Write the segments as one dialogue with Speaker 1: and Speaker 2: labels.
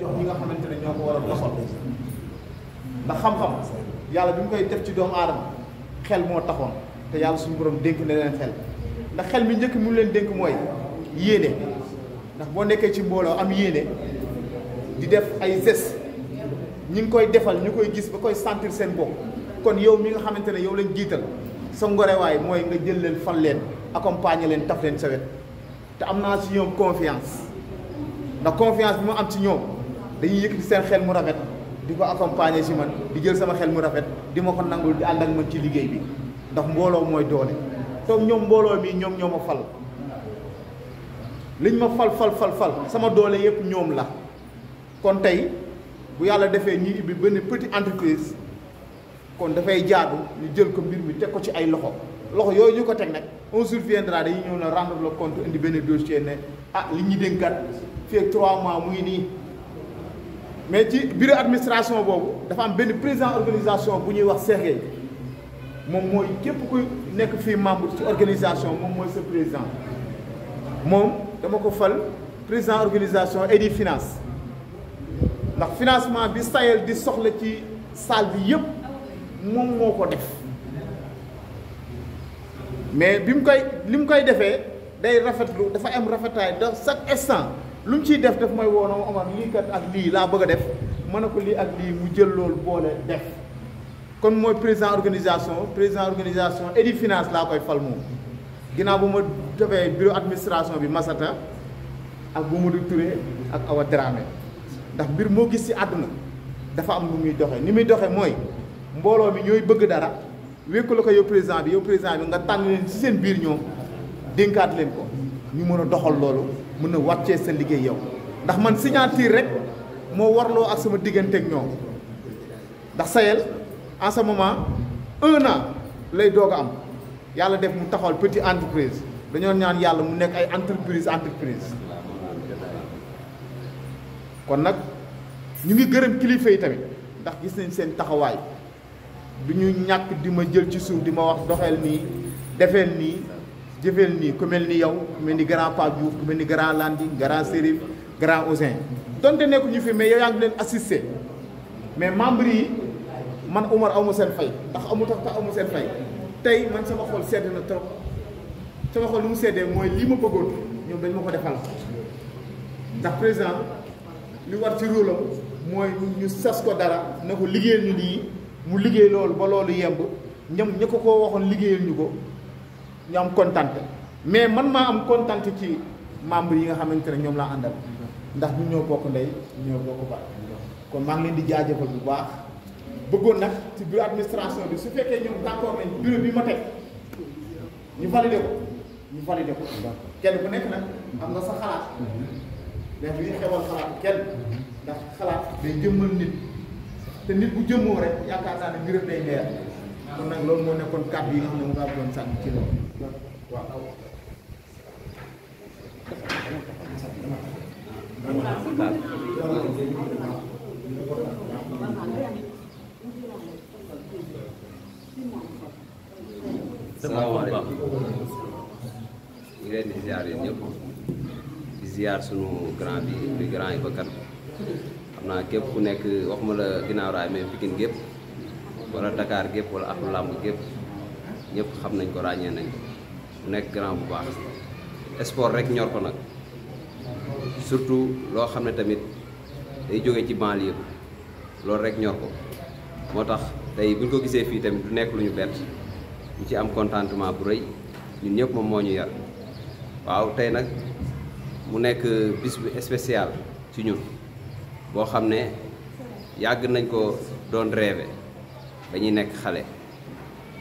Speaker 1: jox ñi nga xamante ne ñoo ko war a doxal ndax xam-xam yàlla bi mu koy def ci doomu aadama xel moo taxoon te yàlla suñu borom dénk na leen xel ndax xel mi njëkk mu leen dénk mooy yéene ndax boo nekkee ci mbooloo am yéene di def ay geste ñi ngi koy defal ñu koy gis ba koy sentir seen bopp kon yow mi nga xamante ne yow lañ jiital sa ngorewaay mooy nga jël leen fan leen accompagner leen taf leen sa te am naa ci ñoom confiance ndax confiance bi mu am ci ñoom. dañuy yëkkati seen xel mu rafet di ko accompagner si man di jël sama xel mu rafet di ma ko nangul di ànd ak man ci liggéey bi ndax mbooloo mooy doole toog ñoom mbooloo mi ñoom ñoo ma fal liñ ma fal fal fal fal sama doole yëpp ñoom la kon tey bu yàlla defee ñuy ubbi benn petite entreprise kon dafay jaadu ñu jël ko mbir mi teg ko ci ay loxo loxo yooyu ñu ko teg nag on surviendra dañuy ñëw na rendre le compte indi benn dossier ne ah li ñu dénkat fii ak 3 mois mu nii Men ti, bire administrasyon wou wou, defan beni prezant organizasyon wou nye wak serge. Mwen mwen se prezant. Mwen, demen kofal, prezant organizasyon edi finas. Nak finasman bi, sayel di sokleti salvi yop, mwen mwen kotef. Men, bim koy, bim koy defen, defan mwen refetay, defan mwen refetay, lu mu ciy def daf may woon Omar lii kat ak lii laa bëgg a def mën na ko lii ak lii mu jël loolu boole def kon mooy président organisation président organisation et di finance laa koy fal moom ginnaaw bu ma defee bureau administration bi Massata ak bu Mamadou Touré ak Awa Dramé ndax mbir moo gis ci àdduna dafa am lu muy doxee ni muy doxee mooy mbooloo mi ñooy bëgg dara wékku la ko yow président bi yow président bi nga tànn leen ci seen biir ñoom dénkaat leen ko ñu doxal loolu mën na wàccee seen liggéey yow ndax man signature rek moo warloo ak sama diggante ak ñoom ndax Sahel en ce moment un an lay doog am yàlla def mu taxawal petite entreprise dañoo ñaan yàlla mu nekk ay entreprise entreprise kon nag ñu ngi gërëm kilifa yi tamit ndax gis nañ seen taxawaay du ñu ñàkk di ma jël ci suuf di ma wax doxeel nii defeel nii Je veux ku ni yow ni grand comme ni grand Landi grand Serif grand ñu fi mais yow yaa ngi assisté mais membre yi man Umar amu fay ndax amu tax en fay tey man sama xol sedd na trop xol lu mu seddee mooy lii ma bëggoon ñoom dañ ma ko ndax président li war ci rôle ñu dara ñu mu ba loolu ñu am kontante mais man maa am kontante ci membre yi nga xamante ne ñoom laa àndal ndax ñu ñoo bokk ndey ñoo bokk baay kon maa ngi leen di jaajëfal bu baax bëggoon nag ci biir administration bi su fekkee ñoom d'accord nañ bureau bi ma teg ñu validé ko ñu validé ko kenn bu nekk nag am nga sa xalaat def li xewal xalaat kenn ndax xalaat day jëmmal nit te nit bu jëmmoo rek yaakaar sax ne mbiram day leer kon nag loolu moo nekkoon kàddu yi ñëpp
Speaker 2: di sunu grand bi di grand Iba Kane xam naa képp ku nekk wax ma la ginnaaw raay mais gépp wala Dakar gépp wala axlu làmb gépp ñëpp xam nañ ko ràññee nañ ko grand bu baax sport rek ñor ko surtu surtout loo xam ne tamit day jóge ci banlieue loolu rek ñor ko moo tax tey buñ ko gisee fii tamit du nekk lu ñu ñu ci am contentement bu rëy ñun ñëpp moom moo yar waaw tey nag mu nekk bis bu spécial ci ñun boo xam ne yàgg nañ ko rêver dañuy nekk xale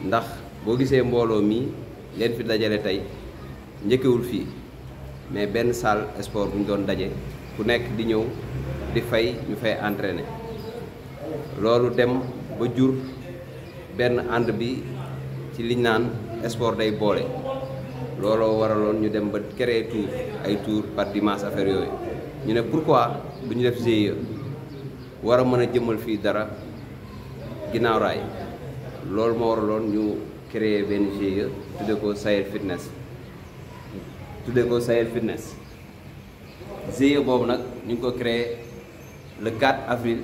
Speaker 2: ndax boo gisee mbooloo mii leen fi dajale tey njëkkewul fii mais benn salle sport bu ñu doon daje ku nekk di ñëw di fay ñu fay entraîner loolu dem ba jur benn ànd bi ci liñ naan sport day boole looloo waraloon ñu dem ba créer tour ay tour par dimanche affaire yooyu ñu ne pourquoi bu ñu def GIE war a mën a jëmmal fii dara ginnaaw raay loolu moo waraloon ñu créer benn GIE tudde ko Sahel Fitness tudde ko Sahel Fitness GIE boobu nag ñu ngi ko créer le 4 avril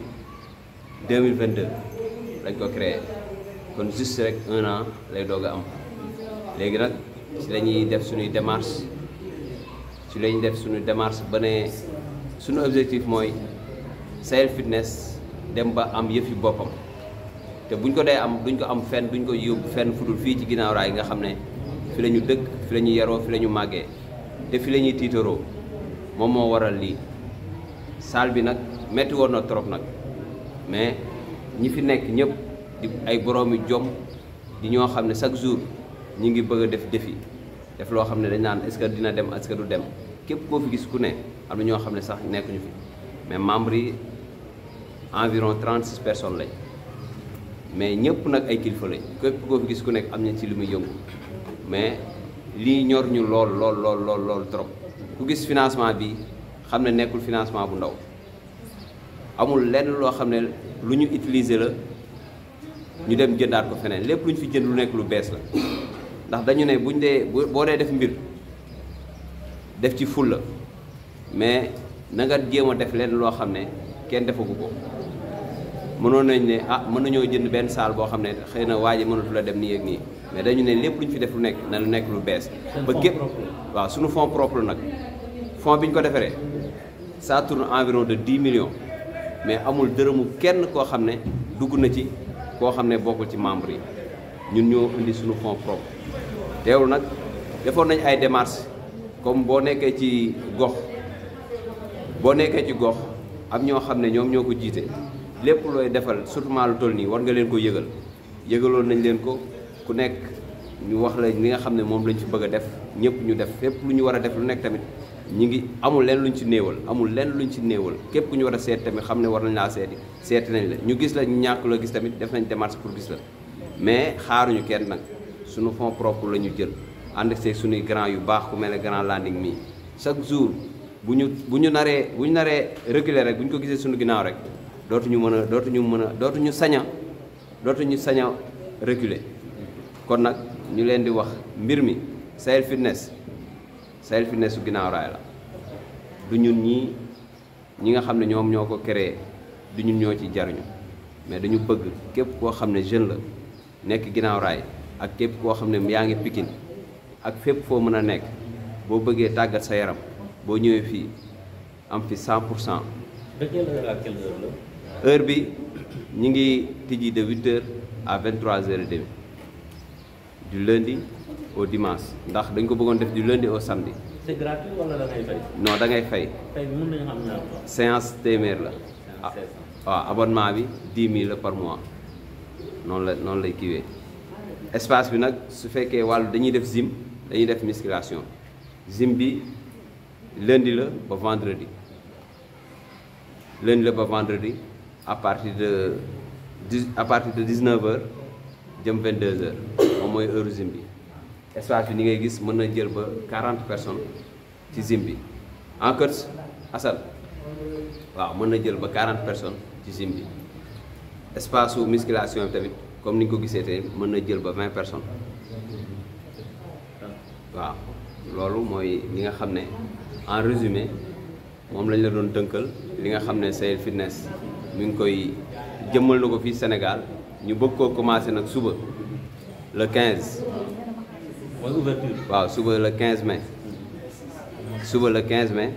Speaker 2: 2022 lañ ko créé kon juste rek un an lay doog a am léegi nag ci la def suñuy démarche ci la def suñu démarche ba ne suñu objectif mooy Sahel Fitness dem ba am yëf yi boppam te buñ ko dee am duñ ko am fenn duñ ko yóbbu fenn fudul fii ci ginnaaw raay nga xam ne fi la ñu dëkk fi la ñu yaroo fi la ñu màggee te fi la ñuy tiitaroo moom moo waral lii saal bi nag metti woon na trop nag mais ñi fi nekk ñëpp di ay boroomi jom di ñoo xam ne chaque jour ñi ngi bëgg a def défi def loo xam ne dañ naan est-ce que dina dem est-ce du dem képp koo fi gis ku ne am na ñoo xam ne sax nekkuñu fi mais membres yi environ 36 personnes lañ mais ñëpp nag ay kilifa lañ képp koo fi gis ku nekk am na ci li muy yëngu mais lii ñor ñu lool lool lool lool lool trop ku gis financement bi xam ne nekkul financement bu ndaw amul lenn loo xam ne lu ñu utiliser la ñu dem jëndaat ko feneen lépp lu ñu fi jën lu nekk lu bees la ndax dañu ne buñ dee boo dee def mbir def ci fulla mais na nga jéem a def lenn loo xam ne kenn defagu ko. mënoon nañ ne ah mën nañoo jënd benn saal boo xam ne xëy na waa ji mënatu dem nii ak nii mais dañu ne lépp lu ñu fi def lu nekk na nekk lu bees. ba képp waaw suñu fonds propre nag fonds bi ñu ko defaree ça tourne environ de 10 millions mais amul dërëmu kenn koo xam ne dugg na ci koo xam ne bokkul ci membre yi ñun ñoo indi suñu fonds propre teewul nag defoon nañ ay démarches comme boo nekkee ci gox boo nekkee ci gox am ñoo xam ne ñoom ñoo ko jiite. lépp looy defal surtout lu toll nii war nga leen ko yëgal yëgaloon nañu leen ko ku nekk ñu wax la li nga xam ne moom lañ ci bëgg a def ñëpp ñu def fépp lu ñu war a def lu nekk tamit ñu ngi amul leen luñ ci néewal amul leen luñ ci néewal képp ku ñu war a seet tamit xam ne war nañ laa seeti seet nañ la ñu gis la ñu ñàkk la gis tamit def nañ démarche pour gis la mais xaaruñu kenn nag sunu fonds propre la ñu jël ànd ak suñuy grand yu baax ku mel ne grand landing mii chaque jour bu ñu bu ñu naree bu ñu naree reculer rek bu ñu ko gisee suñu ginnaaw rek dootuñu mën a dootuñu mën a dootuñu sañ a dootuñu sañ a reculer kon nag ñu leen di wax mbir mi Sahel Fitness Sahel Fitness su ginnaaw raay la du ñun ñii ñi nga xam ne ñoom ñoo du ñun ñoo ci jariñu mais dañu bëgg képp koo xam jeune la nekk ginnaaw raay ak képp koo xam ne Pikine ak fépp fo mën a nekk boo bëggee sa yaram am fi 100 pour cent. la. heure bi de 8h à 23 h du lundi au dimanche ndax dañ du lundi au samedi.
Speaker 3: c'est gratuit wala non da ngay
Speaker 2: séance TMR la. ah abonnement bi par mois la lay espace bi nak su féké walu dañuy def lundi le vendredi lundi le vendredi à partir de 19h jëm 22h moom mooy heure gym bi espace ni ngay gis jël ba 40 personnes ci gym bi en course asal waaw mën jël ba 40 personnes ci gym bi espace su musculation tamit comme ni ko gisee tey jël ba 20 personnes waaw loolu moy ni nga xamné en résumé mom lañ la doon tënkal li nga xamné Fitness mi ngi koy jëmmal na ko fii senegal ñu bëgg koo commencé nag suba le quinze mooy waaw suba la 15 mais suba le 15 mai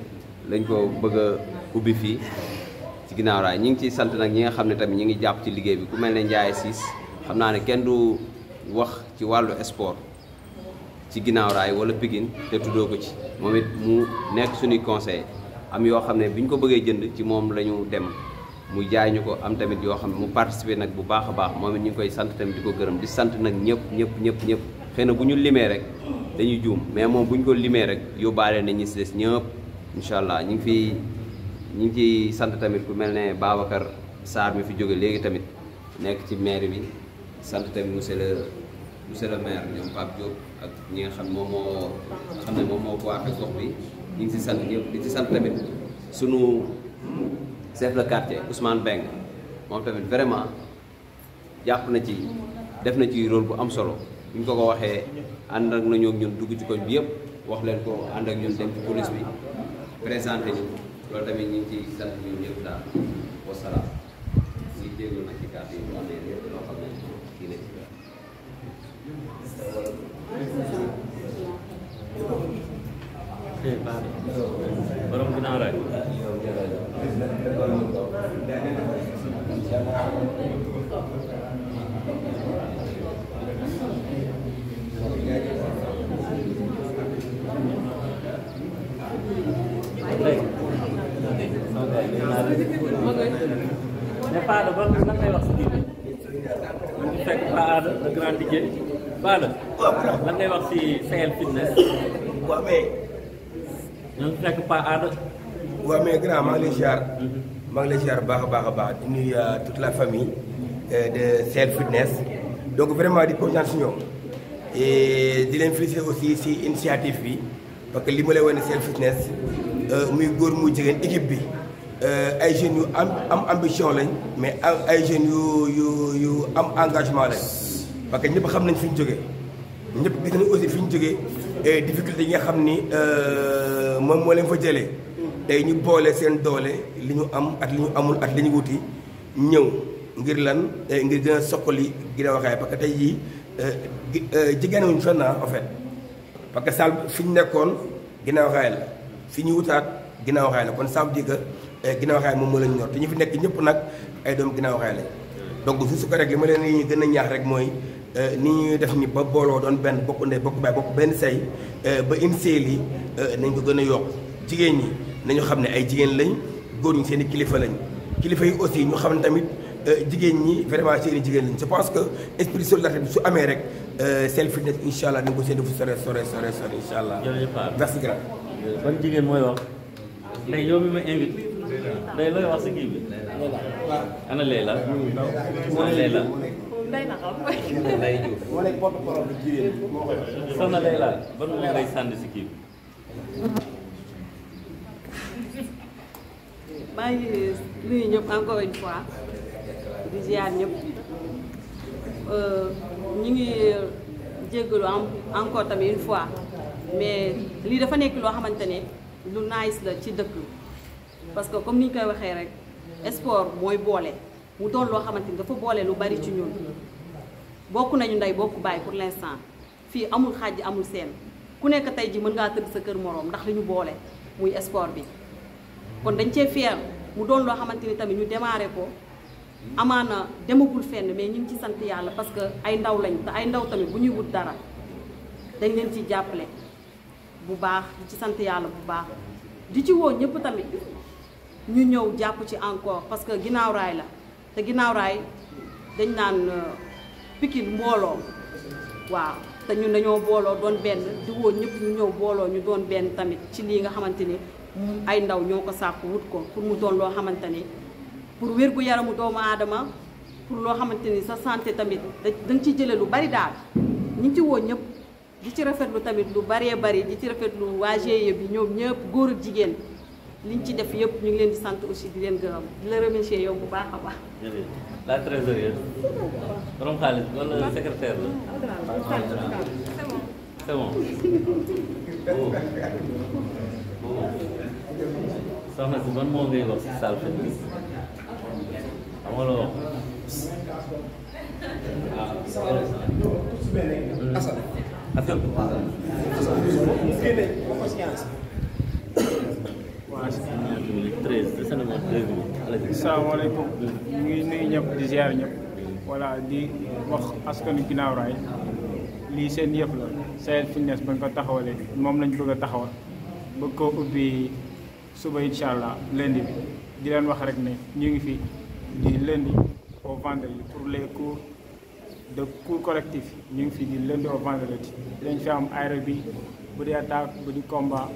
Speaker 2: lañ ko bëgg a ubbi fii ci ginnaaw raay ñu ngi ciy sant nag ñi nga xam ne tamit ñu ngi jàpp ci liggéey bi ku mel ne Ndiaye Ciss xam naa ne kenn du wax ci wàllu sport ci ginnaaw raay wala Pikine te tuddoo ko ci moom it mu nekk suñuy conseil am yoo xam ne bi ñu ko bëggee jënd ci moom lañu dem. mu jaay ñu ko am tamit yoo xam ne mu participer nag bu baax a baax moom it ñu ngi koy sant tamit di ko gërëm di sant nag ñëpp ñëpp ñëpp ñëpp xëy na bu ñu limee rek dañuy juum mais moom bu ñu ko limee rek yóbbaale na ñi si des ñëpp incha allah ñu ngi fi ñu ngi ciy sant tamit ku mel ne Babacar Sarr mi fi jóge léegi tamit nekk ci maire bi sant tamit monsieur le monsieur le maire ñoom Pape Diop ak ñi nga xam moom moo xam ne moom moo ko waxee gox bi ñu ngi si sant ñëpp di ci sant tamit sunu. chef de quartier Ousmane Beng moom tamit vraiment jàpp na ci def na ci rôle bu am solo ñu ko ko waxee ànd ak nañoo ñun dugg ci koñ bi yëpp wax leen ko ànd ak ñun dem ci police bi présenté ñu loolu tamit ñu ngi ci sant ñun ñëpp daal wasalaam ñu borom ginnaaw rek
Speaker 3: mais
Speaker 4: toute la famille. de Self Fitness. donc vraiment des et aussi ici initiative parce que li Self Fitness. Euh, muy góor jigéen équipe bi euh, ay jeunes am ambition mais ay am engagement parce que ñëpp xam nañ fi ñu jógee ñëpp gis aussi fi et difficulté yi nga xam ni euh, moom moo leen fa jëlee tey ñu boole seen doole li ñu am ak li ñu amul ak en fait fi ñu wutaat ginnaaw raay la kon ça veut dire que eh, ginnaaw raay moom moo lañ ñor te ñu fi nekk ñëpp nag ay doom ginnaaw raay lañ donc su su rek li ma leen ñu gën a ñaax rek mooy eh, ni ñuy def ni ba booloo doon benn bokk ndey bokk baay bokk benn say eh, ba INSEE yi nañ ko gën a yokk jigéen ñi nañu xam ne ay jigéen lañ góor ñi seen kilifa lañ kilifa yi aussi ñu xam ne tamit jigéen ñi vraiment seen i jigéen lañ je pense que esprit solidarité bi su amee rek self fitness incha allah nañ ko seen
Speaker 5: mua lấy vô mình anh anh là là, là, là không không ಬಂಚಿಗೆ
Speaker 4: ಮೂಯೋ ಡೈ ಯೋಮಿ ಮೇ ಏವಿ ಡೈ ಲೋ ವಾಸಿಗೆ
Speaker 5: ಇವಿ ಅನ
Speaker 3: ಲೇಲ ಮೋನ ಲೇಲ ಸಣ್ಣ ಲೇಲ ಬಂದು ಡೈ ಸಾಂದಿ ಸಿಕ್ಕಿ
Speaker 5: maa ngi nuyu ñëpp encore une fois di ziar ñëpp ñu ngi jéggalu encore tamit một lần mais lii dafa nekk loo xamante ne lu nice la ci dëkk parce que comme ni ñu koy waxee rek sport mooy boole mu doon loo xamante ni dafa boole lu bari ci ñun bokk nañu ndey bokk bàyyi pour l'instant fii amul xaaj amul seen ku nekk tey ji mën ngaa tëdd sa kër moroom ndax li ñu boole muy sport bi kon dañ cee fier mu doon loo xamante ni tamit ñu démarré ko amaana demagul fenn mais ñu ci sant yàlla parce que ay ndaw lañ te ay ndaw tamit bu ñuy wut dara dañ leen ci jàppale bu baax di ci sant yàlla bu baax di ci woo ñëpp tamit ñu ñëw jàpp ci encore parce que ginnaaw raay la te ginnaaw raay dañ naan euh, Pikine mbooloo waaw te ñun dañoo booloo doon benn di woo ñëpp ñu ñëw booloo ñu doon benn tamit ci lii nga xamante ni ay ndaw ñoo ko sàkku wut ko pour mu doon loo xamante ni pour wér gu yaramu doomu aadama pour loo xamante ni sa sante tamit da nga ciy jëlee lu bari daal ñu ngi ci woo ñëpp. di ci rafet lu tamit lu baree bëri di ci rafetlu waa GIE bi ñoom ñëpp góor ak jigéen liñ ci def yëpp ñu ngi leen di sant aussi di leen gërëm di la remercier yow bu baax a baax.
Speaker 3: jërëjëf la trésorière borom xaalis bon
Speaker 6: moo ngay wax si salle bi xam nga loo wax. Ah.
Speaker 4: Atau
Speaker 7: salaamaaleykum ñu ngi nuyu ñëpp di ziar ñëpp voilà di wax askanu ginnaaw raay lii seen yëf la Sahel Fitness bañ ko taxawalee moom lañ bëgg a taxawal bëgg koo ubbi suba incha allah lundi bi di leen wax rek ne ñu ngi fi di di au vendredi pour les cours de cours collectif ñu ngi fi di lundi au vendredi dinañ fi am aérobie bu di attaque bu di combat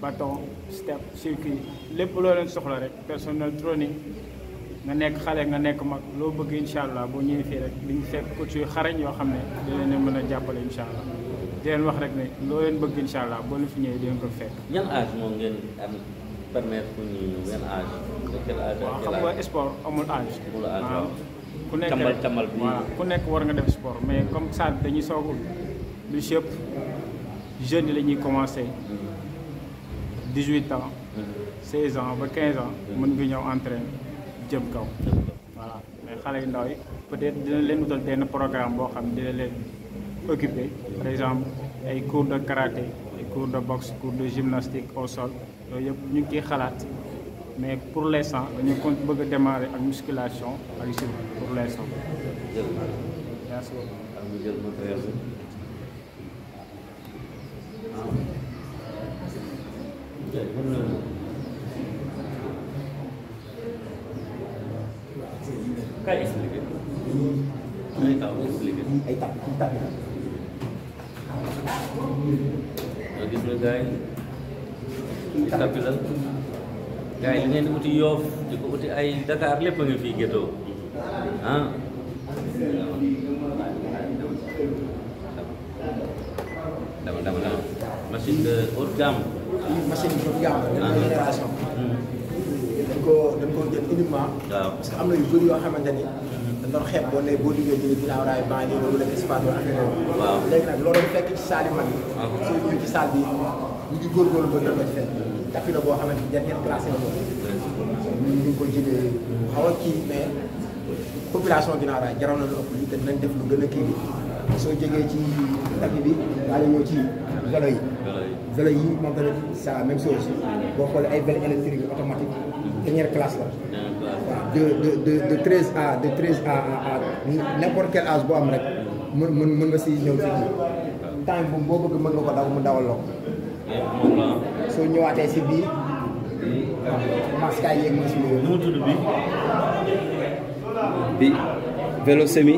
Speaker 7: bâton step circuit lépp loo leen soxla rek personnel training nga nekk xale nga nekk mag loo bëgg incha allah boo ñëwee fii rek li nga fekk coach yu xarañ yoo xam ne dina leen mën a jàppale incha allah di leen wax rek ne loo leen bëgg incha allah boo leen fi ñëwee di leen ko fekk. yan âge
Speaker 3: moom ngeen am waaw xam nga sport
Speaker 7: amul âge. waaw. On tambal war nga sport mais comme ça dañuy soog jeune si jeune lañuy commencer 18 ans 16 ans 15 ans mën nga entrer. entraîner jëm kaw voilà mais xalé yu ndaw peut-être dina leen wutal un programme bo xam dina leen occupé par exemple ay cours de karaté ay cours de boxe cours de gymnastique au sol il ñu ngi xalat mais pour l'instant on peut a démarrer la musculation pour l'instant.
Speaker 3: gars yi li di uti yoof di ko uti ay Dakar lépp a ngi fii gétoo ah
Speaker 6: dama dama dama machine de haute
Speaker 8: machine de haute gamme génération dañ ko dañ ko jël waaw parce que am na yu bëri yoo xamante ni dañ doon xeeb boo nee boo liggéey jëlee ginnaaw raay baa nii wala espace nag loolu fekk ci saali man yi soo ñëw ci saal bi ñu ngi góorgóorlu ba doon la ci fekk tapis la boo xamante ni dernière classe la boobu. ñu ngi ko jëlee xaw a kii mais population Guinaw Rail jaral na lu ëpp lii te dinañ def lu gën a kii bi soo jógee ci tapis bi daal di ci vélo yi. vélo yi moom tamit c'est la même chose boo xoolee ay vélo électrique automatique dernière classe la. de de de de treize à de treize à a n'importe quel âge boo am rek mën mën mën nga si ñëw si kii temps boobu boo bëgg mën nga ko daw mu dawal loo ko. soo ñëwaatee si biir
Speaker 6: maskaay
Speaker 2: bi vélo semi.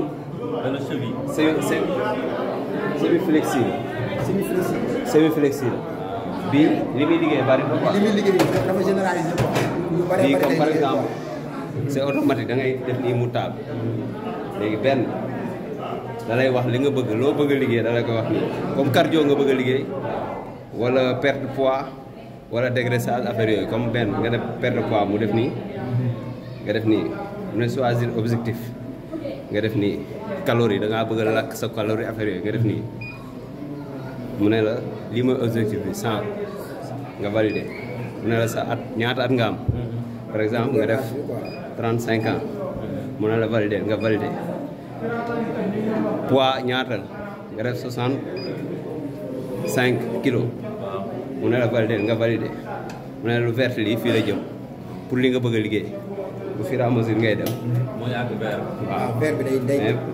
Speaker 2: vélo semi. semi semi flexible. semi flexible. semi flexible. bii li muy liggéey bari na quoi. def nii mu taal. léegi benn. da wax li nga bëgg loo bëgg a liggéey da lay koy wax nii comme cardio nga bëgg a liggéey wala perte poids. wala dégraissage affaire yooyu comme benn nga def perdre poids mu def nii nga def nii mu ne choisir objectif nga def nii calorie da ngaa bëgg a lakk sa calorie affaire yooyu nga def nii mu ne la lii mooy objectif bi 100 nga validé mu ne la sa at ñaata at nga am par exemple nga def 35 ans mu ne la validé nga validé poids ñaata nga def 65 kilos mu ne la validé nga validé mu la lu vert lii fii la jëm pour li nga bëgg a liggéey bu fur et à mesure ngay dem. moo yàgg vert. waaw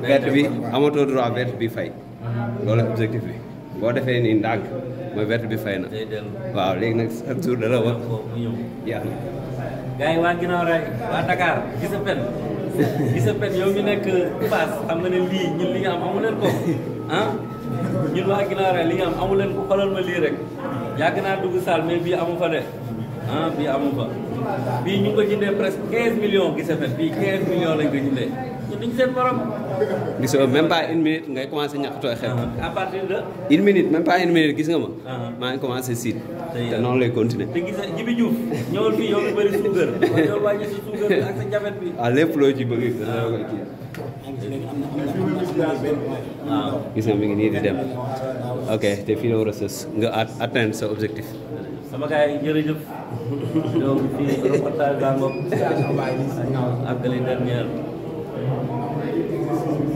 Speaker 2: vert bi amatoo droit a bi fay. loolu objectif bi boo defee nii ndànk mooy vert bi fay na. waaw léegi nag chaque jour dala wax. jeex na. gars yi waa ginnaaw waa
Speaker 3: Dakar gis nga yow mi nekk Fass xam nga ne lii ñun li nga am amu leen ah? waa ginnaaw rek li nga am ma lii rek. yàgg naa dugg saal mais bii amu fa de ah bii amu fa bii ñu ngi ko jëndee presque 15 millions
Speaker 2: gise fet bii 15 millions lañ ko jëndee
Speaker 3: ñu duñ seen borom
Speaker 2: gisoo même pas une minute ngay commencé ñàkkutoo xel ah, à partir de une minute même pas une minute gis nga ma ah, ah. maa ngi commencé siit te noonu lay continuer te gis
Speaker 3: nga Jibi Diouf ñëwal fii yow lu bëri suukar ñëwal wàññi si suukar bi ak
Speaker 2: sa lépp loo ci bëgg
Speaker 8: waaw
Speaker 3: gis
Speaker 2: nga mi ngi nii di dem ok te fii la war a sës nga atteindre sa objectif
Speaker 3: sama gars jërëjëf donc fii reportage baa ngoog àggali dernière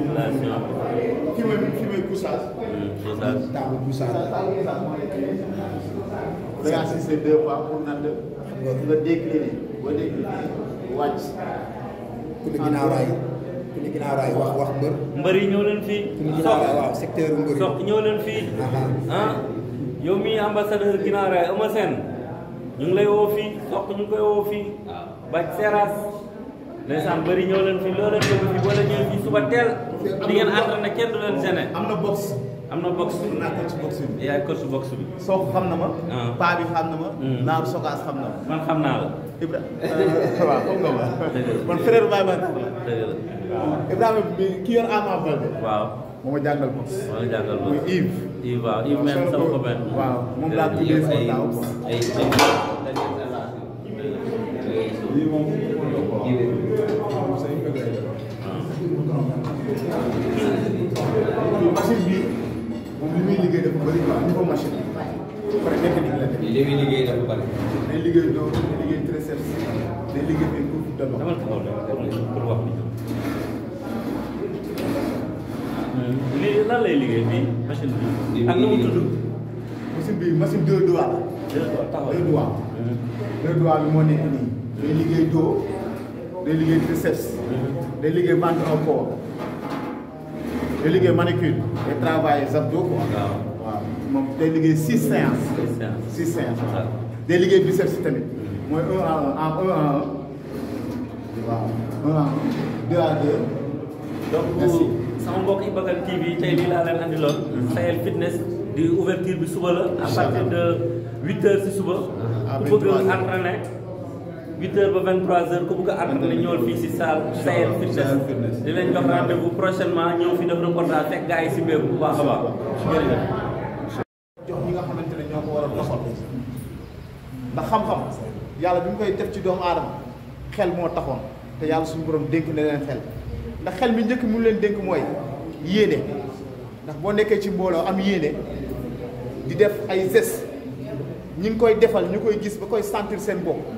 Speaker 3: relation
Speaker 1: filmé poussage poussage da assisté deux fois pour nan nga décliné boo décliné wàcc
Speaker 8: ku ne ginnaaw raay suñu ginnaaw raay wax wax mbër. mbër yi ñëw leen fii. suñu
Speaker 3: ginnaaw raay waaw secteur mbër yi. ah yow mii ambassadeur ginnaaw raay Eumeu Sène ñu lay woo fii sox ñu ngi koy woo fii.
Speaker 5: bac seras
Speaker 3: ndeysaan bëri ñëw leen fii loo leen yóbbu fii boo leen suba teel. di ngeen na kenn du leen
Speaker 1: gêné. am na am na box bi naa coach box bi. yaay coach box bi. soo xam na ma. paa bi xam na ma. naaru sokaas xam na ma. man xam naa la. Ibra waaw xam nga ma. man frère Baye Baye la. dëgg la waaw. Ibrahima bi ki yor Ama Baldé. waaw moo ma jàngal box. moo ma jàngal box muy Yves. Yves waaw Yves même sama copain. waaw moom laa tuddee sama taaw. ay ay lii moom. liggéey dafa bëri quoi niveau machine bi. pare nekk nañ la def. li muy liggéey dafa bëri. day liggéey dóor day liggéey triceps day liggéey ay coups de loxo.
Speaker 6: Hmm.
Speaker 3: lii lan lay liggéey bii machine bi. ak nu mu tudd.
Speaker 1: machine bi machine deux doigts la. deux doigts taxaw deux doigts. Hmm. deux doigts bi moo nekk nii. day liggéey dóor day liggéey triceps. Hmm. day liggéey ventre au corps. Je ligue et Je travaille les abdos. Quoi. Je ligue 6 séances. 6 séances. biceps systémique. Moi, 1 à 1. 1 à 1. 1 à 2 à 2. Donc, merci.
Speaker 3: Sama mbokk yi TV tey lii laa andi lool. Mhm. fitness di ouverture bi suba à partir de 8 h si suba. Ah, que vous entraîner. huit heures ba vingt trois heures ku bugg a entraîné ñëwal fii si salle Sahel Fitness di leen jox rendez-vous prochainement ñëw fi def reportage fekk gars yi si béeku bu baax a baax jërëjëf
Speaker 1: nga xamante ne ñoo ko war a doxal ndax xam-xam yàlla bi mu koy def ci doomu aadama xel moo taxoon te yàlla suñu borom dénk na leen xel ndax xel mi njëkk mu leen dénk mooy yéene ndax boo nekkee ci mbooloo am yéene di def ay gestes ñi ngi koy defal ñu koy gis ba koy sentir seen bopp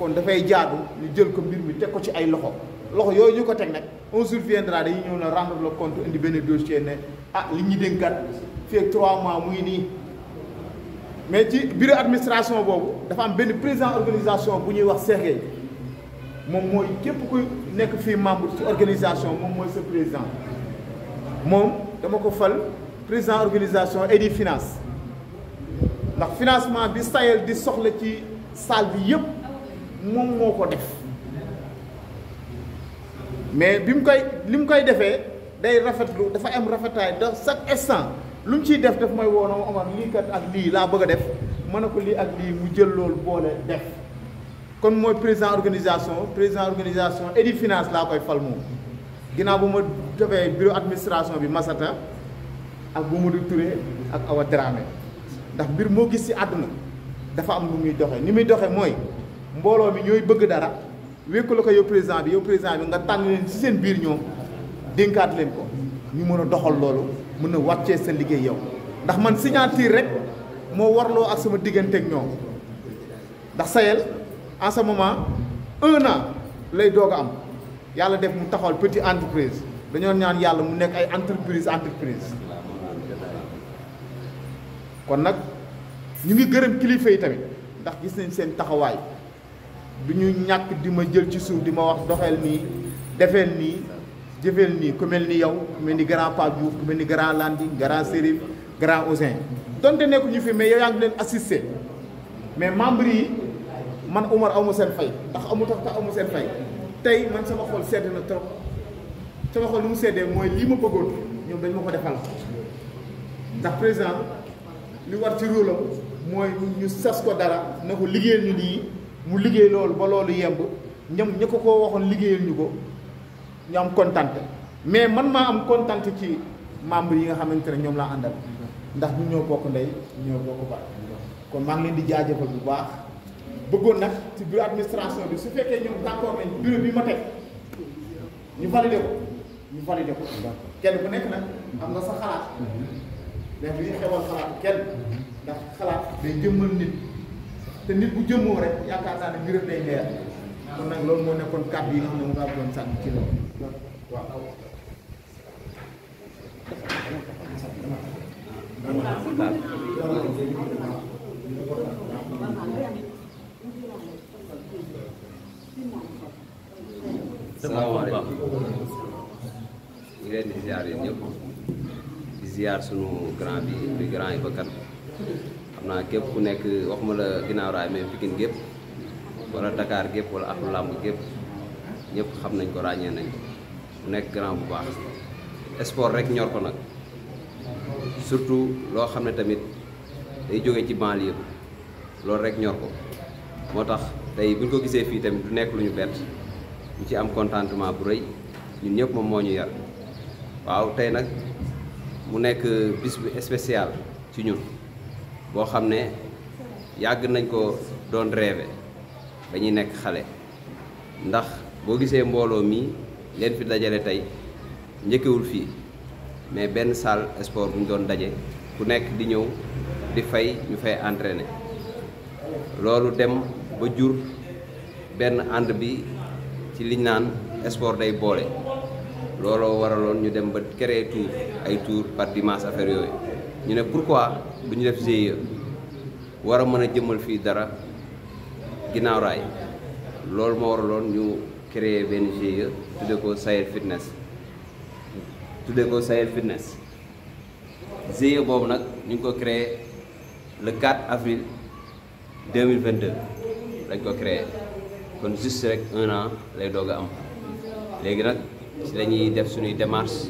Speaker 1: kon da fay jaadu ñu jël ko mbir mi teg ko ci ay loxo loxo yooyu ñu ko teg nag jour viendra dañuy ñëw na rendre le compte indi benn dossier ne ah li ñu dénkaat fii ak 3 mois muy nii mais ci bureau administration boobu dafa am benn président organisation bu ñuy wax Cheikh Gueye moom mooy képp kuy nekk fii membre ci organisation moom mooy sa président moom dama ko fal président organisation et di finance ndax financement bi sayel di soxla ci salle bi yëpp mom moko def mais bim koy lim koy defé day rafetlu dafa am rafetaay da chaque instant lu mu ciy def daf may woo na ma Omar lii kat ak li la bëgg def manako li ak li mu jël lol boole def kon mooy président organisation président organisation et finance la koy fal moom ginnaaw bu ma defee bureau administration bi masata ak Mamadou Touré ak Awa Dramé ndax bir mo gis ci aduna dafa am lu muy doxee ni muy doxé moy mbooloo mi ñooy bëgg dara wékku la ko yow président bi yow président bi nga tànn leen ci seen biir ñoom dénkaat leen ko ñu mën a doxal loolu mën a wàccee seen liggéey yow ndax man signature rek moo warloo ak sama diggante ak ñoom ndax Sahel en ce moment un lay doog a am yàlla def mu taxawal petite entreprise dañoo ñaan yàlla mu nekk ay entreprise entreprise kon nag ñu ngi gërëm kilifa yi tamit ndax gis nañ seen taxawaay biñu ñak ñàkk di ma jël ci suuf di wax ni yow grand grand Landi grand Serif grand donte nekku ñu fi mais yow yaa ngi leen assisté mais membre man oumar seen fay ndax amu tax seen fay man sama xol sedd trop sama xol lu mu seddee mooy ma bëggoon ñoom dañ ndax président war ci rôle mooy ñu mu liggéey loolu ba loolu yemb ñoom ña ko koo waxoon liggéeyal ñu ko ñu am kontante mais man maa am kontante ci membre yi nga xamante ne ñoom laa àndal ndax ñu ñoo bokk ndey ñoo bokk ba kon maa ngi leen di jaajëfal bu baax bëggoon nag ci bureau administration bi su fekkee ñoom d'accord nañ bureau bi ma teg ñu validé ko ñu validé ko kenn bu nekk nag am nga sa xalaat mhm. mais li ñu xewal xalaat kenn ndax xalaat day jëmmal nit
Speaker 6: te nit bu jëmmoo rek yaakaar naa ne mbiram day leer kon nag loolu moo nekkoon kàddu yi nga xam ne mu ngaa sànni ci loolu waaw
Speaker 2: salaamaaleykum
Speaker 6: ñu
Speaker 2: ngi leen di ziar yéen ñëpp di ziar sunu grand bi di grand xam naa képp ku nekk waxuma la ginnaaw raay mais Pikine gépp wala dakaar gépp wala ak làmb gépp ñëpp xam nañ ko ràññee nañ mu nekk grand bu baax sport rek ñor ko nag surtout loo xam ne tamit day jóge ci banlieue loolu rek ñor ko moo tax tey buñ ko gisee fii tamit du nekk lu ñu bett ñu ci am contentement bu rëy ñun ñëpp moom moo ñu yar waaw tey nag mu nekk bis bu spécial ci ñun boo xam ne yàgg nañ ko doon rêvé dañuy nekk xale ndax boo gisee mbooloo mi leen fi dajale tey njëkkewul fii mais benn salle sport bu ñu doon daje ku nekk di ñëw di fay ñu fay entraîné loolu dem ba jur benn ànd bi ci liñ naan sport day boole looloo waraloon ñu dem ba créer tour ay tour par dimanche affaire yooyu ñu ne pourquoi bu ñu def GIE war a mën a jëmmal fii dara ginnaaw raay loolu moo waraloon ñu créer benn GIE tudde ko Sahel Fitness tudde ko Sahel Fitness GIE boobu nag ñu ko créé le 4 avril 2022 lañ ko créé kon juste rek un an lay doog a am léegi nag ci la def suñuy démarche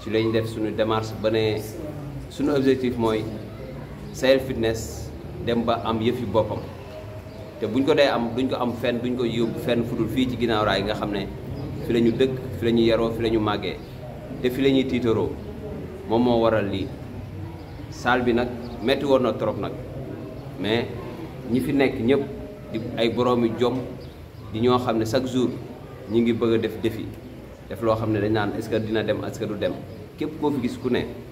Speaker 2: ci la def suñu démarche ba ne suñu objectif mooy Sahel Fitness dem ba am yëfi boppam te buñ ko dee am duñ ko am fenn duñ ko yóbbu fenn fudul fii ci ginnaaw raay nga xam ne fi la ñu dëkk fi la ñu yaroo fi la ñu màggee defi fi la ñuy tiitaroo moom moo waral lii salle bi nag metti woon na trop nag mais ñi fi nekk ñëpp di ay boroomi jom di ñoo xam ne chaque jour ñi ngi bëgg a def défi def loo xam ne dañ naan est-ce que dina dem est-ce du dem képp koo fi gis ku ne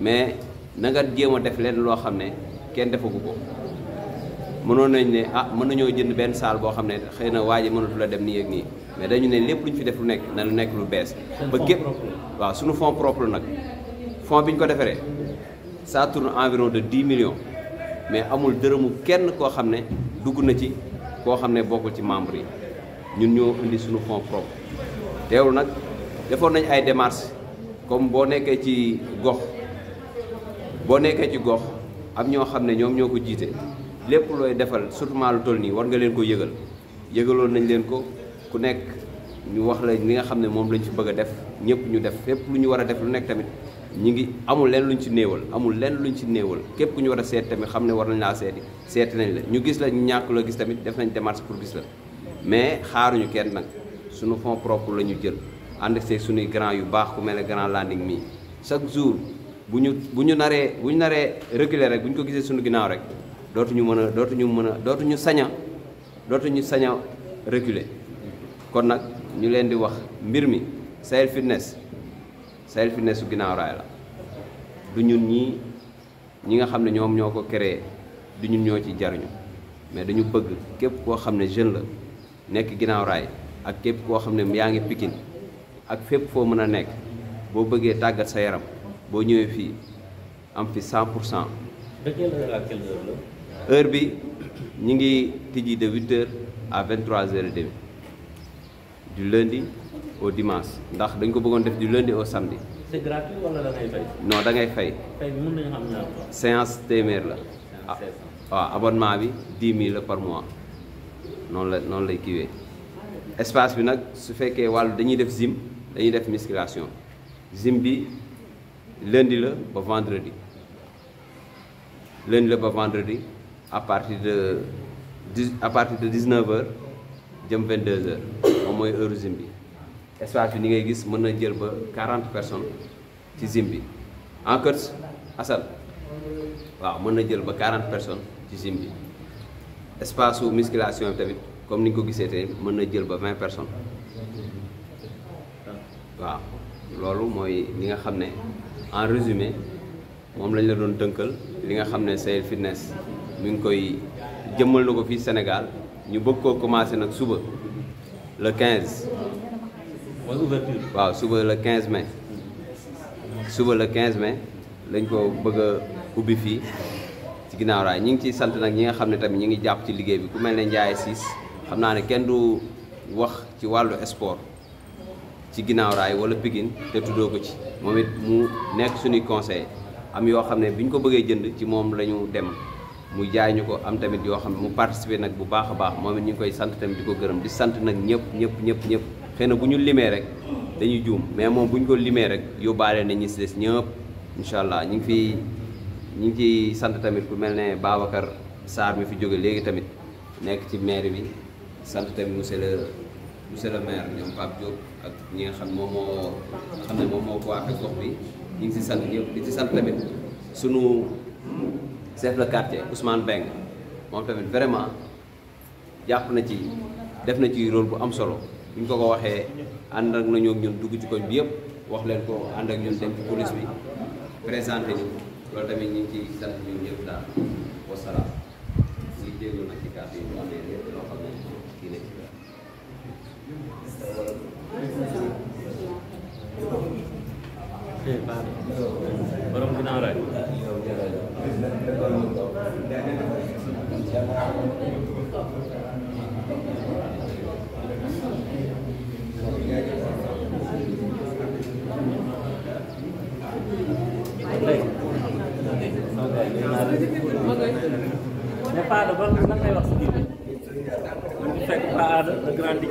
Speaker 2: mais na nga jéem a def leen loo xam ne kenn defagu ko mënoon nañ ne ah mën nañoo jënd benn saal boo xam ne xëy na waa ji mënatu dem nii ak nii mais dañu ne lépp lu ñu fi def lu nekk na lu nekk lu bees. ba képp waaw suñu fonds propre nag fonds bi ñu ko defaree ça tourne environ de 10 millions mais amul dërëmu kenn koo xam ne dugg na ci koo xam ne bokkul ci membre yi ñun ñoo indi suñu fonds propre teewul nag defoon nañ ay démarches comme boo nekkee ci gox. boo nekkee ci gox am ñoo xam ne ñoom ñoo ko jiite lépp looy defal surtout lu toll nii war nga leen ko yëgal yëgaloon nañ leen ko ku nekk ñu wax la li nga xam ne moom lañ ci bëgg a def ñëpp ñu def fépp lu ñu war a def lu nekk tamit ñi ngi amul leen luñ ci néewal amul leen luñ ci néewal képp ku ñu war a seet tamit xam ne war nañ laa seeti seeti nañ la ñu gis la ñàkk la gis tamit def nañ démarche pour gis la mais xaaruñu kenn nag sunu fonds la ñu jël ànd ak suñuy grand yu baax ku mel ne grand landing mi bu ñu bu ñu naree bu ñu naree reculer rek bu ñu ko gisee suñu ginnaaw rek dootuñu mën a dootuñu mën a dootuñu saña saña reculer kon ñu leen di wax mbir mi Sahel Fitness Sahel Fitness su raay la du ñun ñii ñi nga xam ne ñoom ñoo ko créé du ñun ñoo ci jaruñu mais dañu bëgg képp koo jeune la raay ak képp koo xam ne pikin ak fépp fo mën a nekk boo bëggee sa yaram bo ñëwee fi am fi 100 pour cent.
Speaker 3: de heure à quelle heure
Speaker 2: heure bi ñi ngi tijji de 8 h à 23 h demi du lundi au dimanche ndax dañ ko bëggon def du lundi au samedi.
Speaker 3: c'est gratuit wala da ngay fay.
Speaker 2: non da ngay fay.
Speaker 3: fay mën nañu xam ñaar
Speaker 2: séance téeméer la. ah, abonnement bi 10 000 par mois non, la non lay kiwé espace bi nak su féké walu dañuy def gym dañuy def musculation gym bi lundi le vendredi. Lundi vendredi, à partir de, 19h, 22h, On est heure Zimbi. Espace que vous il y a 40 personnes dans Zimbi. En Corse, ça, il y a 40 personnes dans Zimbi. Espace de musculation, comme vous le voyez, il y a 20 personnes.
Speaker 6: c'est
Speaker 2: ce que en résumé moom lañ la doon tënkal li nga xam ne Sahel Fitness mu ngi koy jëmmal na ko fii senegal ñu bëgg koo commencé nag suba le 15. waaw suba la 15 mai. suba le 15 mai lañ ko bëgg a ubbi fii ci ginnaaw raay ñi ngi ciy sant nag ñi nga xam ne tamit ñi ngi jàpp ci liggéey bi ku mel ne Ndiaye Ciss xam naa ne kenn du wax ci wàllu sport. ci ginnaaw raay wala Pikine te tuddoo ko ci moom it mu nekk suñuy conseil am yoo xam ne bi ñu ko bëggee jënd ci moom la ñu dem mu jaay ñu ko am tamit yoo xam ne mu participer nag bu baax a baax moom it ñu koy sant tamit di ko gërëm di sant nag ñëpp ñëpp ñëpp ñëpp xëy na bu ñu limee rek dañuy juum mais moom bu ñu ko limee rek yóbbaale na ñi si des ñëpp incha allah ñu ngi fi ñu ngi ciy sant tamit ku mel ne Babacar Sarr mi fi jóge léegi tamit nekk ci maire bi sant tamit monsieur le monsieur le maire ñoom Pape Diop ak ñi nga xam moom moo nga xam ne moom moo ko waafee gox bi ñu ngi si sant ñëpp di ci sant tamit sunu chef de quartier Ousmane Beng moom tamit vraiment jàpp na ci def na ci rôle bu am solo bu ñu ko ko waxee ànd ak nañoo ñun dugg ci koñ bi yëpp wax leen ko ànd ak ñun dem ci police bi présenté ñu loolu tamit ñu ngi ci sant bi ñëpp daal wasalaam yi
Speaker 3: Orang kenal right?
Speaker 5: Nepal, abang senang
Speaker 3: lewat sendiri. Saya ke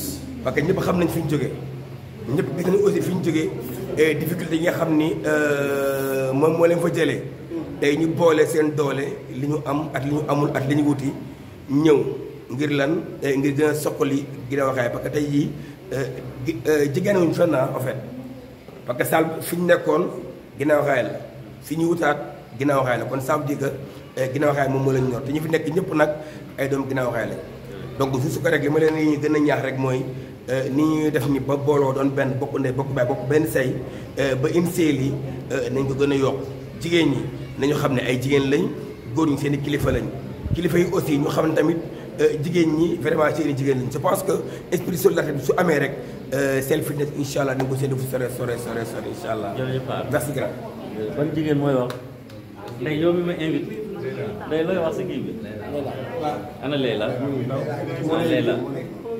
Speaker 4: parce que ñëpp xam nañ fi ñu jógee ñëpp gis nañ aussi fi ñu jógee difficulté yi nga xam ni euh, moom moo leen fa jëlee day ñu boole seen doole li ñu am ak li ñu amul at li ñu wuti ñëw ngir lan eh, ngir gën a soqali gën a waxaay parce que tey jii euh, euh, jigéen wuñ fenn en fait parce que saal fi ñu nekkoon ginnaaw xaay la fi ñu wutaat ginnaaw xaay la kon ça veut dire que eh, ginnaaw xaay moom moo lañ ñor te ñu fi nekk ñëpp nag ay doom ginnaaw xaay la donc su ko rek li ma leen yi ñu gën a ñaax rek mooy ني داف ني با بولو دون بن ان سي لي ناني كو غنا يوك جيجين ني ناني خامن اي جيجين لاي غور ني سيني كليفا لاي كليفا يي اوسي ني خامن الله نغو سيني فسر
Speaker 3: الله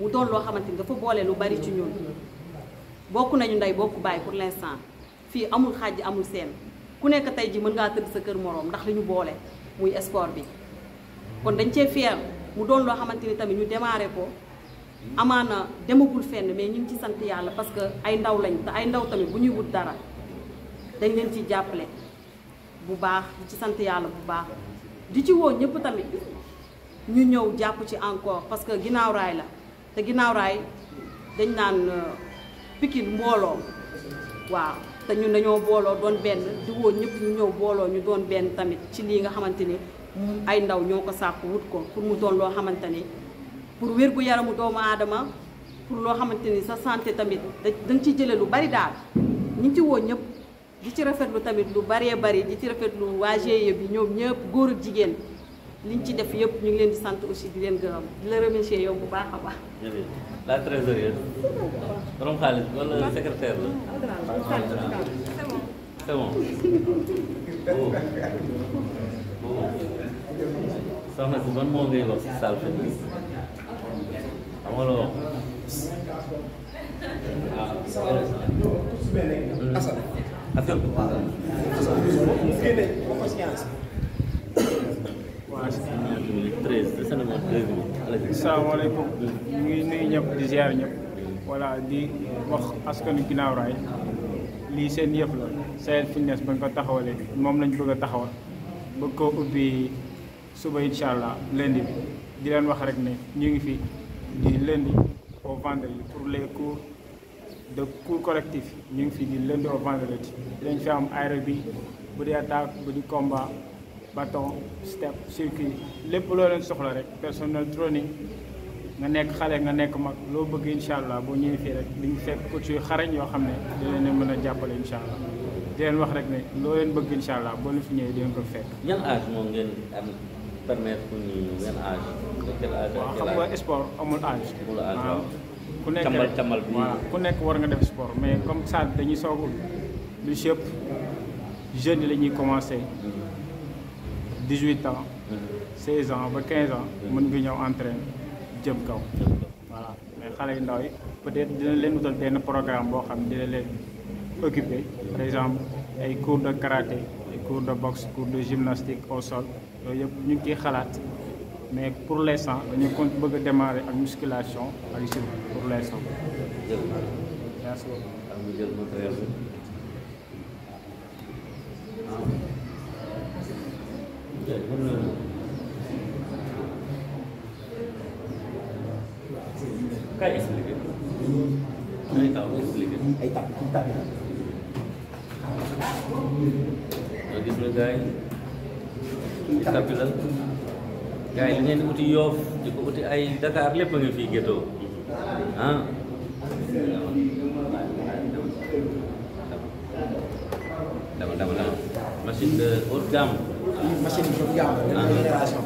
Speaker 5: mu doon loo xamante ni dafa boole lu bari ci ñun bokk nañu ndey bokk bàyyi pour l'instant fii amul xaaj amul seen ku nekk tey ji mën ngaa tëdd sa kër moroom ndax li ñu boole muy sport bi kon dañ cee fier mu doon loo xamante ni tamit ñu démarré ko amaana demagul fenn mais ñu ngi ci sant yàlla parce que ay ndaw lañ te ay ndaw tamit bu ñuy wut dara dañ leen ci jàppale bu baax ci sant yàlla bu baax di ci woo ñëpp tamit ñu ñëw jàpp ci encore parce que ginnaaw raay la te ginnaaw raay dañ naan euh, Pikine mbooloo waaw te ñun dañoo booloo doon benn di woo ñëpp ñu ñëw booloo ñu doon benn tamit ci lii nga xamante ni ay ndaw ñoo ko sàkk wut ko pour mu doon loo xamante ni pour wér gu yaramu doomu aadama pour loo xamante ni sa santé tamit da nga ciy jëlee lu bari daal ñu ngi ci woo ñëpp di ci rafetlu tamit lu baree bari di ci rafetlu waa GIE bi ñoom ñëpp góor ak jigéen. liñ ci def ñu ngi leen di aussi di leen di la remercier yow bu baax baax.
Speaker 3: la wala secrétaire
Speaker 6: c'est bon
Speaker 7: asalaamaaleykum ñu ngi nuyu ñëpp di ziar ñëpp voilà di wax askanu ginnaaw raay lii seen yëf la Sahel Fitness bañ ko taxawalee moom lañ bëgg a taxawal bëgg koo ubbi suba incha allah bi di leen wax rek ne ñu ngi fi di lundi au vendredi pour les cours de cours collectifs ñu ngi fi di lundi au vendredi dinañ fi am aérobie bu dee attaque bu di combat. bâton step circuit lépp loo leen soxla rek personnel training nga nekk xale nga nekk mag loo bëgg incha allah boo ñëwee fii rek di nga fekk coach yu xarañ yoo xam ne di leen mën a jàppale incha allah di leen wax rek ne loo leen bëgg incha allah boo leen fi ñëwee di leen ko fekk. yan âge
Speaker 3: moom ngeen am xam nga
Speaker 7: sport amul âge. amul waaw
Speaker 3: ku nekk càmmal càmmal ku
Speaker 7: nekk war nga def sport mais comme ça dañuy soogul lu si ëpp jeune yi la ñuy commencé. Mm-hmm. 18 ans 16 ans 15 ans mën nga entrer entraîne le kaw voilà mais peut-être que leen avons un programme pour xam occuper. par exemple les cours de karaté les cours de boxe cours de gymnastique au sol Nous sommes des ngi mais pour l'instant nous compte démarrer la musculation pour l'instant
Speaker 3: merci Iya, benar.
Speaker 8: Kayak tahu explique. Eh, tapi kita ya.
Speaker 3: Lagi guys. Kita bilang gailnya ini uti yof, jika uti ai Dakar le pengen fikir Ah.
Speaker 6: Dapat dapat dapat. Masih de orgam. machine bi nga xam ne dañ koy génération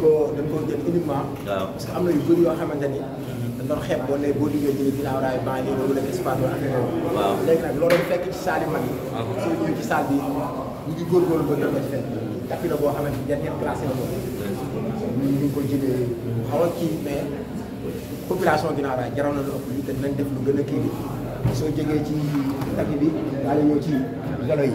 Speaker 8: koo dañ koo am na yu yoo xamante ni. dañ doon xeeb boo nee boo liggéey jëlee ginnaaw raay baa ngi wala espace wala affaire fekk ci saal mag yi. Ah. soo ñëwee ci saal bi ñu ngi góorgóorlu ba la ci fekk. ko jëlee xaw a kii mais population ginnaaw raay jaroon na lu ëpp gën a kii soo jegee ci tapi bi ci galo yi.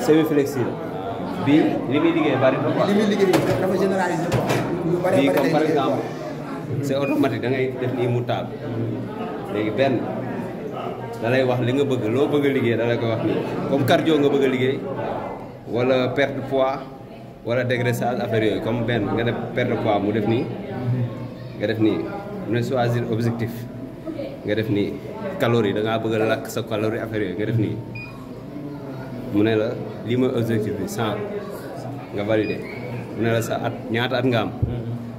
Speaker 2: semi flexible bi limi muy liggéey bari na quoi li muy liggéey dafa
Speaker 8: généraliser quoi
Speaker 2: bi comme par exemple c'est automatique da ngay def nii mu taal léegi benn da lay wax li nga bëgg loo bëgg a liggéey da lay koy wax nii comme cardio nga bëgg a liggéey wala perte poids wala dégraissage affaire yooyu comme benn nga def perte poids mu def nii nga def nii ne choisir objectif nga def nii calorie da ngaa bëgg a sa calorie affaire yooyu nga def nii mu ne la lima objektif, sah, bi valid. nga saat mu ne la sa at ñaata at nga am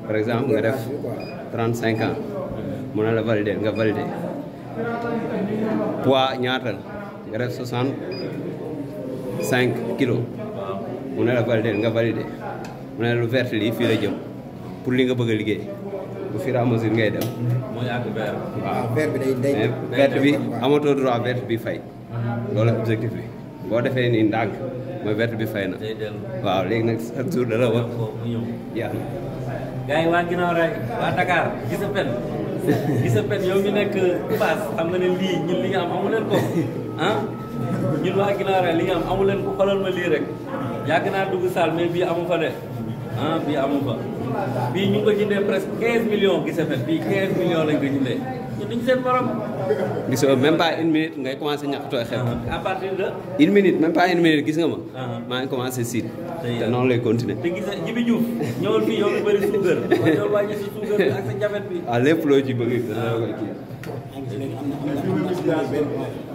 Speaker 2: par exemple nga def trente cinq ans mu ne la validé nga validé poids ñaata nga def soixante cinq mu ne la validé nga validé mu ne lu vert lii fii la jëm pour li nga bëgg a liggéey bu ngay dem. ak vert. waaw bi day bi droit bi fay objectif bi. boo defee nii ndànk mooy wert bi fay na. waaw léegi nag chaque jour dara wax. jeex na.
Speaker 3: gars yi waa ginnaaw raay waa Dakar gis a pen
Speaker 2: gis a pen yow mi
Speaker 3: nekk Fass xam nga ne lii ñun li nga am amu leen ko ah ñun waa ginnaaw raay li nga am amu leen ko xoolal ma lii rek yàgg naa dugg saal mais bii amu fa de ah, bii amu fa bii ñu ngi ko jëndee presque 15 millions gis a pen bii 15 lañ ko jëndee. duñ seen morom.
Speaker 2: gisoo même pas une minute ngay commencé ñàkk tooy une minute même pas une minute gis nga ma. Uh-huh. maa ngi commencé siit. te noonu lay continuer te gis nga
Speaker 3: Jibi Diouf ñëwal fii yow lu bëri suukar ak sa jabet
Speaker 2: bi. waaw ah, lépp loo ci bëgg dana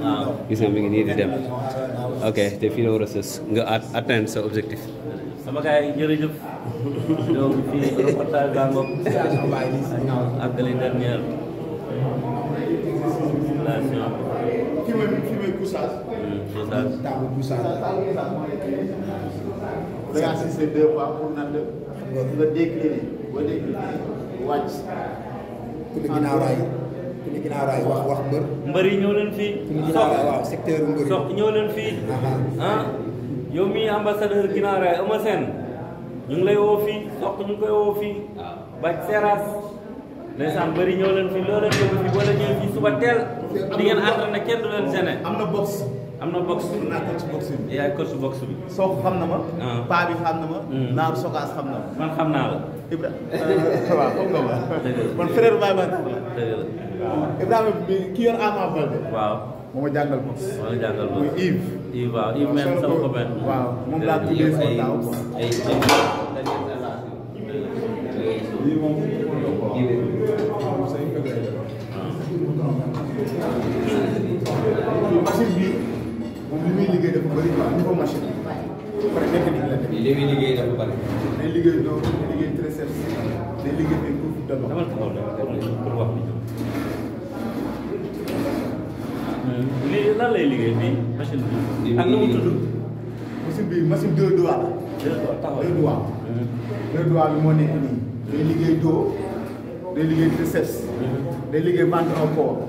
Speaker 3: ah. mi ngi nii di dem ok
Speaker 2: te fii la war a sës nga atteindre sa objectif.
Speaker 3: sama gars yi jërëjëf fi
Speaker 1: may fi may Gossas. Gossas taamu Gossas. da ngaa assisté deux fois pour naan nga décliné boo décliné
Speaker 8: ku ne ginnaaw raay ku ne ginnaaw raay wax wax
Speaker 3: mbër. mbër yi ñëw leen fii. ku ne ginnaaw raay waaw ah yow mii ambassadeur ginnaaw raay Eumeu woo fii sox ñu woo fii. waaw Seras. ndeysaan bëri ñëw leen fi loo leen yóbbu fi wala ñëw fii suba teel di ngeen entraîné kenn du leen am na box am na box naa coach box
Speaker 1: bi yaay coach box bi soo xam na ma ah. paa xam na ma hmm. naaru sokaas xam na ma man xam naa la
Speaker 3: Ibra man frère
Speaker 1: bi ki yor Ama Baldé waaw moo ma jàngal box
Speaker 6: moo ma machine bi moom li muy liggéey dafa
Speaker 1: bëri quoi niveau machine bi. par
Speaker 2: mécanique la li muy liggéey dafa bëri. liggéey doo day
Speaker 1: liggéey très service day liggéey day pour dama. dama taxaw
Speaker 3: liggéey bi machine bi. ak nu mu tudd.
Speaker 1: machine bi machine deux doigts la. deux doigts taxaw deux doigts. Hmm. deux doigts bi moo liggéey doo day liggéey triceps. Hmm. day liggéey ventre au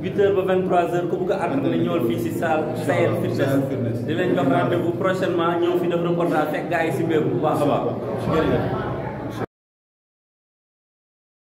Speaker 3: huit heures ba vingt trois heures ku bugg a entraîné ñëw fii si salle Sahel Fitness di leen
Speaker 6: jox rendez-vous prochainement ñëw fi def reportage fekk gars yi si mbéy bu baax